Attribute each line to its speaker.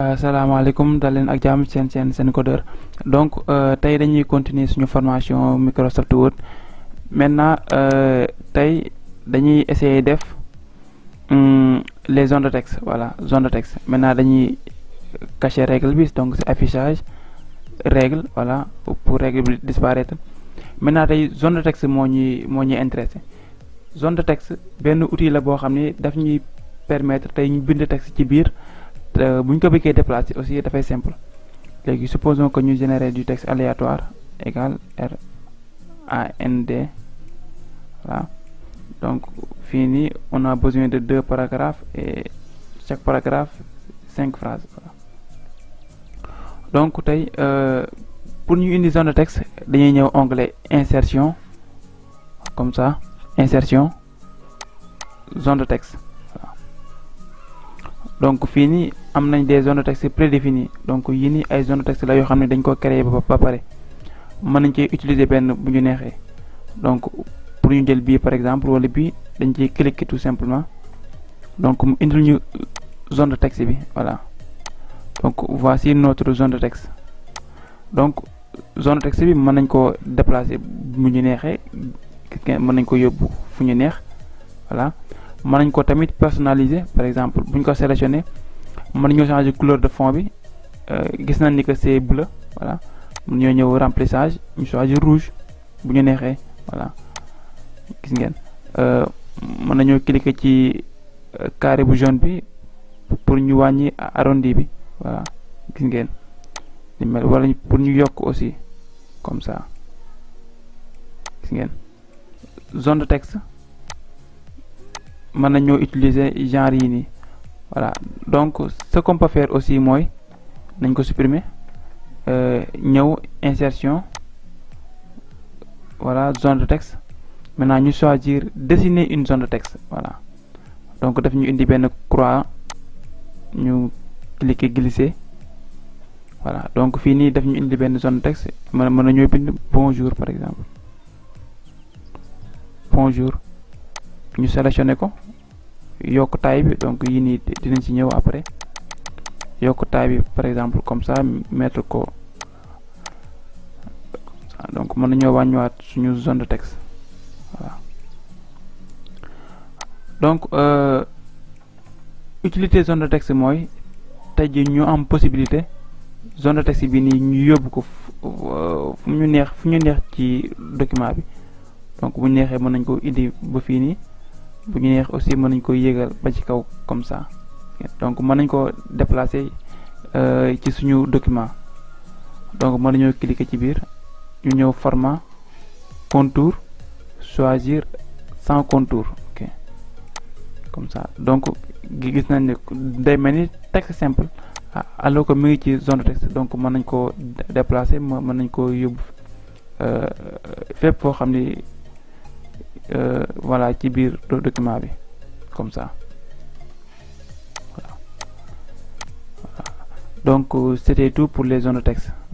Speaker 1: asalaamaaleykum euh, dal leen ak jàmm seen seen seen codeur donc euh, tey dañuy continuer suñu formation Microsoft Word maintenant euh, tey dañuy essayer def hmm, les zones de texte voilà zone de texte maintenant dañuy cacher règle bi donc c'est affichage règle voilà pour règle bi disparaître maintenant tey zone de texte moo ñuy moo ñuy intéressé zone de texte benn outil boo xam ne daf ñuy permettre tey ñu bind texte ci biir Euh, bu ñu ko bëggee déplacer aussi dafay simple léegi supposons ko ñu générer du texte aléatoire égal r a n d voilà donc fii nii on a besoin de deux paragraphes et chaque paragraphe cinq phrases donc tey euh, pour ñu indi zone de texte dañuy ñëw onglet insertion comme ça insertion zone de texte donc fii nii am nañ des zones de texte prédéfinies donc yi nii ay zones de texte la yoo xam ne dañ ko créer ba ba pare mën nañ cee utiliser benn bu ñu neexee donc pour ñu jël bii par exemple wala bii dañ ciy cliquer tout simplement donc mu indi lu ñu zone de texte bi voilà donc voici notre zone de texte donc zone de texte bi mën nañ koo déplacer bu ñu neexee mën nañ ko yóbbu fu ñu neex voilà mën nañ ko tamit personnaliser par exemple bu ñu ko sélectionné mën nañoo changer couleur de fond bi euh, gis nañ ni que c' est bleu voilà mën ñoo ñëw remplissage ñu choisir rouge bu ñu neexee voilà gis ngeen euh, mën nañoo cliquer ci euh, carré bu jaune bi pour ñu wàññi arrondi bi voilà gis ngeen ni mel wala pour ñu yokk aussi comme ça gis ngeen zone de texte mën nañoo utiliser genre yi nii voilà donc ce qu'on aussi mooy nañ ko supprimer euh, ñëw insertion voilà zone de mën maintenant ñu choisir dessiner une zone de texte voilà donc daf ñu indi benn croix ñu cliquer glisser voilà donc fii nii daf ñu indi benn zone de texte mën mën nañoo bind bonjour par exemple bonjour ñu sélectionné ko yokk taille bi donc yi nii dinañ ci ñëw après yokk taille bi par exemple comme ça mettre ko donc mën nañoo wàññiwaat suñu zone de texte voilà donc euh, utilité zone de texte mooy tey jii ñu am possibilité zone de texte bi nii ñu yóbbu ko fu ñu neex fu ñu neex ci document bi donc bu neexee mën nañ ko indi ba fii nii bu ñu neex aussi mën nañ ko yéegal ba ci kaw comme ça donc mën nañ ko déplacer euh, ci suñu document donc mën nañoo cliquer ci biir ñu ñëw format contour choisir sans contour ok comme ça donc gi gis nañ ne day mel ni texte simple ah, alors que mi ngi ci zone texte donc mën nañ ko déplacer mën nañ ko yóbbu euh, fépp foo xam ni Euh, voilà ci biir document bi comme ça voilà donc euh, c'était tout pour les zones de texte